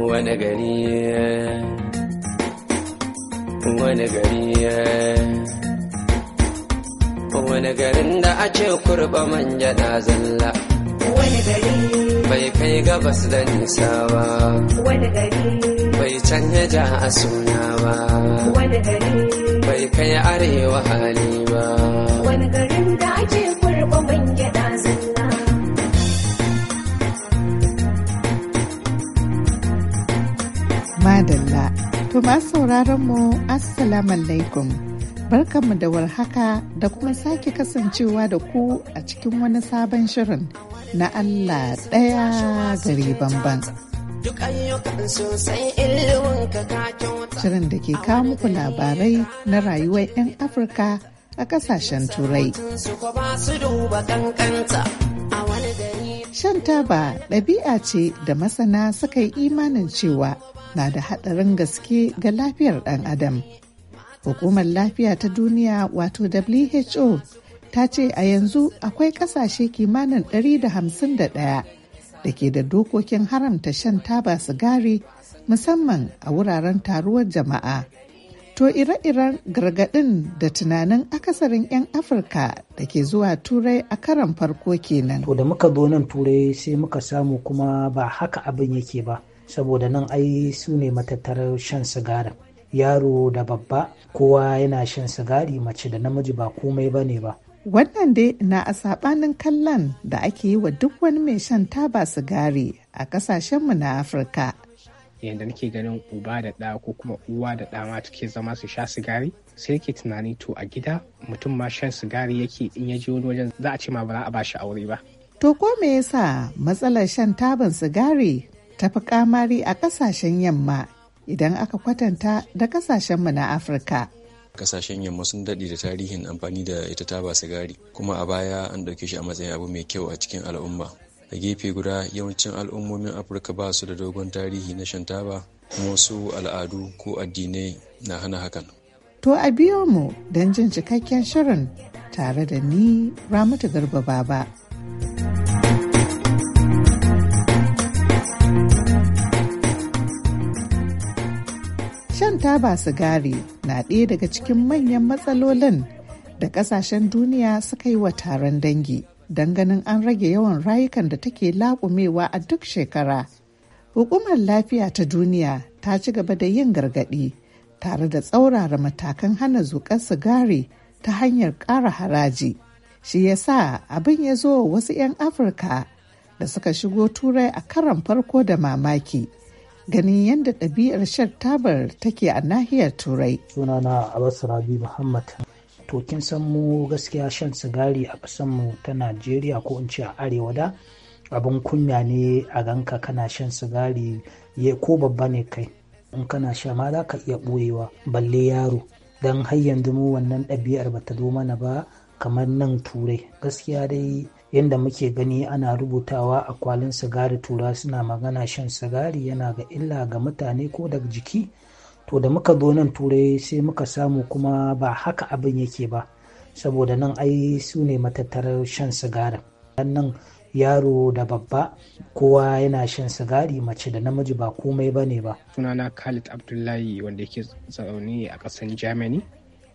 wani gari wani gari wani garin da a ce kurba manja na zalla wani gari bai kai gabas da nisa ba wani gari bai canja ja a suna ba wani gari bai kai arewa hali ba wani garin da a ce kurba manja na zalla Madalla. To masu sauraron mu Assalamu alaikum. Barkanmu da warhaka da kuma sake kasancewa da ku a cikin wani sabon shirin na Allah ɗaya gari bamban. Shirin da ke kawo muku labarai na rayuwar 'yan Afirka a kasashen Turai. Shan taba ɗabi'a ce da masana suka yi imanin cewa na da haɗarin gaske ga lafiyar ɗan adam. Hukumar lafiya ta duniya wato WHO ta ce a yanzu akwai ƙasashe kimanin 151 da ke da dokokin haramta shan taba sigari musamman a wuraren taruwar jama'a. To ire-iren gargaɗin da tunanin akasarin 'yan Afirka da ke zuwa Turai a karan farko kenan. To da muka zo nan Turai sai muka samu kuma ba haka abin yake ba, saboda nan ai su ne matattarar shan sigara. Yaro da babba kowa yana shan sigari mace da namiji ba komai ba ne ba. Wannan dai na a saɓanin kallon da ake yi wa duk wani mai shan taba sigari a ƙasashenmu na Afirka. yadda nake ganin uba da ɗa ko kuma uwa da ɗa ma take zama su sha sigari sai ke tunani to a gida mutum ma shan sigari yake in ya je wani wajen za a ce ma ba za a ba shi aure ba. To ko me yasa matsalar shan taban sigari ta fi kamari a kasashen yamma idan aka kwatanta da kasashen mu na Afirka. kasashen yamma sun daɗe da tarihin amfani da ita taba sigari kuma a baya an ɗauke shi a matsayin abu mai kyau a cikin al'umma a gefe guda yawancin al'ummomin afirka ba su da dogon tarihi na shan taba kuma wasu al'adu ko addinai na hana hakan to a biyo mu don jin cikakken shirin tare da ni ramatu garba baba shan taba sigari na ɗaya daga cikin manyan matsalolin da ƙasashen duniya suka yi wa taron dangi don ganin an rage yawan rayukan da take laƙumewa a duk shekara. Hukumar lafiya ta duniya ta ci gaba da yin gargaɗi tare da tsaurara matakan hana zuƙar sigari ta hanyar ƙara haraji. Shi ya sa abin ya zo wasu 'yan Afirka da suka shigo turai a karan farko da mamaki. ganin yadda ɗabi'ar shan tabar take a nahiyar turai. sunana abbas rabi muhammad to kin san mu gaskiya shan sigari a ƙasar mu ta najeriya ko in ce a arewa da abin kunya ne a ganka kana shan sigari ya ko babba ne kai in kana sha ma za ka iya ɓoyewa balle yaro don har yanzu mu wannan ɗabi'ar ba ta zo mana ba kamar nan turai gaskiya dai yadda muke gani ana rubutawa a kwalin sigari tura suna magana shan sigari yana ga illa ga mutane ko daga jiki to da muka zo nan turai sai muka samu kuma ba haka abin yake ba saboda nan ai su ne matattarar shan sigara nan yaro da babba kowa yana shan sigari mace da namiji ba komai ba ne ba sunana khalid abdullahi wanda yake zaune a ƙasar germany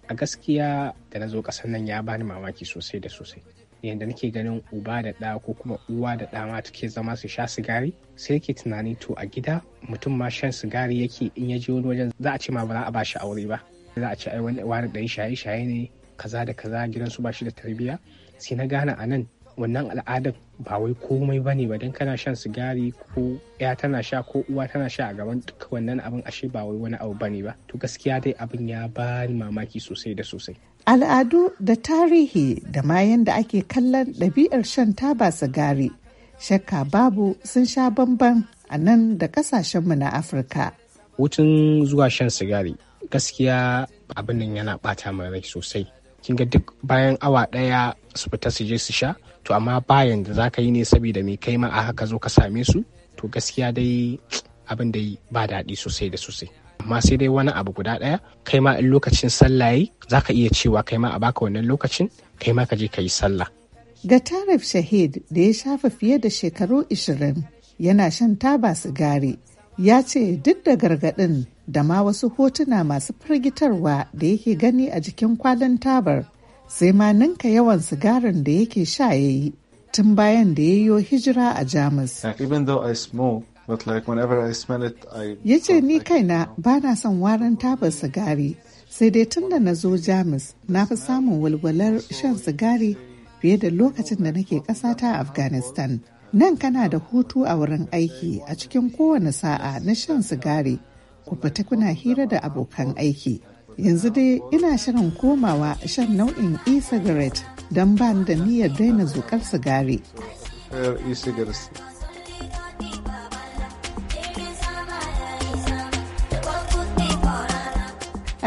a gaskiya da na zo ƙasar nan ya bani mamaki sosai da sosai yadda nake ganin uba da ɗa ko kuma uwa da ɗa ma take zama su sha sigari sai yake tunani to a gida mutum ma shan sigari yake in ya je wani wajen za a ce ma ba za a ba shi aure ba za a ce ai wani wani ɗan shaye shaye ne kaza da kaza gidansu ba shi da tarbiyya sai na gane a nan wannan al'adar ba wai komai ba ne ba don kana shan sigari ko ya tana sha ko uwa tana sha a gaban duka wannan abin ashe ba wai wani abu ba ne ba to gaskiya dai abin ya bani mamaki sosai da sosai al'adu da tarihi da ma yadda ake kallon ɗabi'ar shan taba sigari shakka babu sun sha bamban a nan da ƙasashenmu na afirka hutun zuwa shan sigari gaskiya abin nan yana ɓata mai rai sosai kin ga duk bayan awa ɗaya su fita su je su sha to amma bayan da za ka yi ne saboda mai kai ma a haka zo ka same su to gaskiya dai abin da ba daɗi sosai da sosai amma sai dai wani abu guda ɗaya kai ma in lokacin sallah yi za ka iya cewa kai ma a baka wannan lokacin kai ma ka je ka yi sallah. Ga Tarif Shahid da ya shafa fiye da shekaru 20 yana shan taba sigari ya ce duk da gargaɗin da ma wasu hotuna masu firgitarwa da yake gani a jikin kwalin tabar sai ma ninka yawan sigarin da yake sha ya yi tun bayan da ya yi hijira a Jamus. Even Ya ce ni kaina ba na son warin tabar sigari, sai dai tun da na zo Jamus na fi samun walwalar shan sigari fiye da lokacin da nake ƙasa ta Afghanistan. Nan kana da hutu a wurin aiki a cikin kowane sa'a na shan sigari, ku fita kuna hira da abokan aiki. Yanzu dai ina shirin komawa shan nau'in e-cigarette don ba da niyyar daina zukar sigari.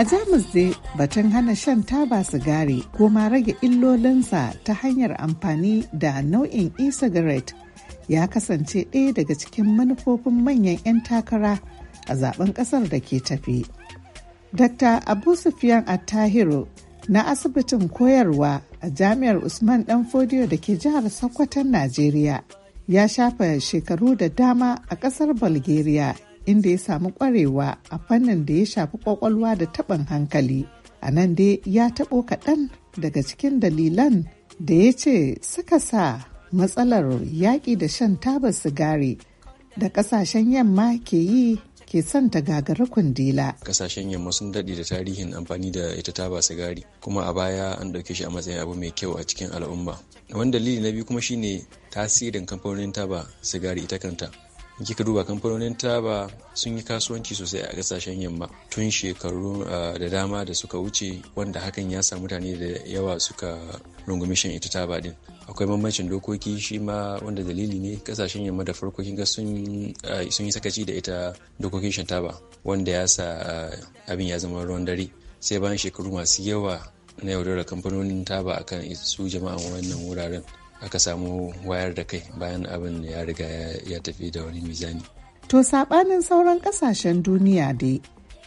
A Jamus dai batun hana shan taba sigari ko ma rage illolinsa ta hanyar amfani da nau'in e-cigarette ya kasance ɗaya daga cikin manufofin manyan 'yan takara a zaben ƙasar da ke tafi. Dr. Abu Sufyan Attahiru na asibitin koyarwa a jami'ar Usman Danfodiyo da ke jihar Sokoton Najeriya ya shafa shekaru da dama a ƙasar Bulgaria inda ya samu kwarewa a fannin da ya shafi kwakwalwa da taɓin hankali. A nan dai ya taɓo kaɗan daga cikin dalilan da ya ce suka sa matsalar yaƙi da shan tabar sigari da ƙasashen yamma ke yi ke son ta gagara kundila. Kasashen yamma sun daɗe da tarihin amfani da ita taba sigari kuma a baya an ɗauke shi a matsayin abu mai kyau a cikin al'umma. Wani dalili na biyu kuma shine tasirin kamfanonin taba sigari ita kanta. in kika duba kamfanonin taba sun yi kasuwanci sosai a kasashen yamma tun shekaru ah, da dama da suka wuce wanda hakan ya sa mutane da yawa suka rungumi shan ita taba din akwai bambancin dokoki shi ma wanda dalili ne kasashen yamma da farko kinga ah, sun yi sakaci da ita dokokin shan taba wanda ya sa ah, abin ya zama ruwan dare sai bayan shekaru masu yawa na yaudarar kamfanonin taba akan su jama'an wannan wuraren aka samu wayar da kai bayan abin ya riga ya tafi da wani mizani. To sabanin sauran kasashen duniya dai,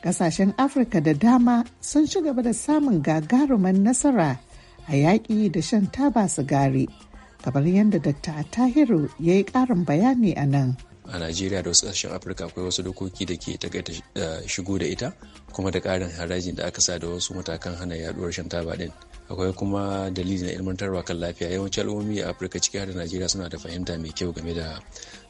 kasashen Afirka da dama sun ci gaba da samun gagaruman nasara a yaƙi da shan taba sigari, kamar yadda Dr. Tahiru ya yi ƙarin bayani a nan. a najeriya da wasu ƙasashen afirka akwai wasu dokoki da ke takaita eh, shigo da ita kuma da ƙarin harajin da aka sa da wasu matakan hana yaɗuwar shan taba ɗin. akwai kuma dalili na ilmantarwa kan lafiya yawancin al'ummomi a afirka ciki har da najeriya suna da fahimta mai kyau game da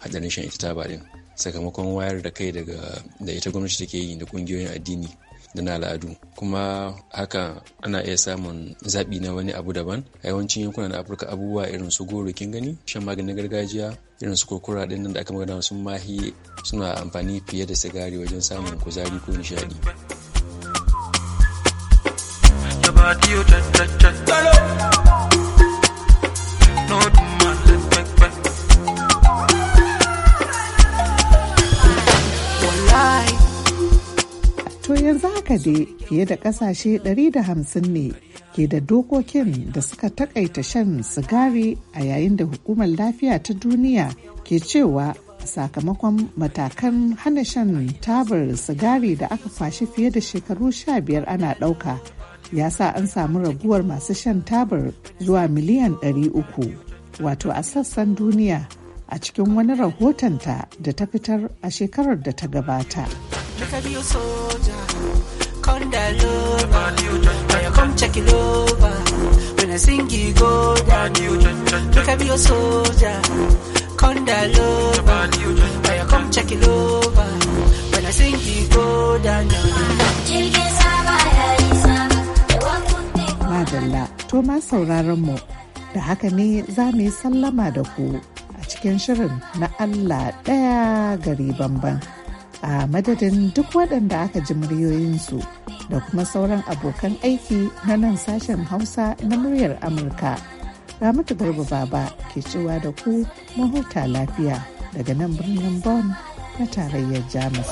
hadarin shan ita taba din sakamakon wayar da kai daga da ita gwamnati take yi da kungiyoyin addini da na al'adu kuma haka ana iya samun zaɓi na wani abu daban a yawancin yankunan afirka abubuwa irin su goro kin gani shan maganin gargajiya irin su kurkura ɗin nan da aka magana sun mahi suna amfani fiye da sigari wajen samun kuzari ko nishaɗi. cha cha cha. To yanzu haka dai fiye da ƙasashe 150 ne ke da dokokin da suka takaita shan sigari a yayin da hukumar lafiya ta duniya ke cewa sakamakon matakan hana shan tabar sigari da aka fashi fiye da shekaru 15 ana ɗauka ya sa an samu raguwar masu shan tabar zuwa miliyan 300 wato a sassan duniya a cikin wani rahotonta da ta fitar a shekarar da ta gabata. Come check it over. To ma sauraron mu da haka ne za mu yi sallama da ku a cikin shirin na Allah ɗaya gari bamban. A madadin duk waɗanda aka ji muryoyinsu da kuma sauran abokan aiki na nan sashen Hausa na muryar Amurka. Ramatu Garba Baba ke cewa da ku mahuta lafiya daga nan birnin Bon na tarayyar Jamus.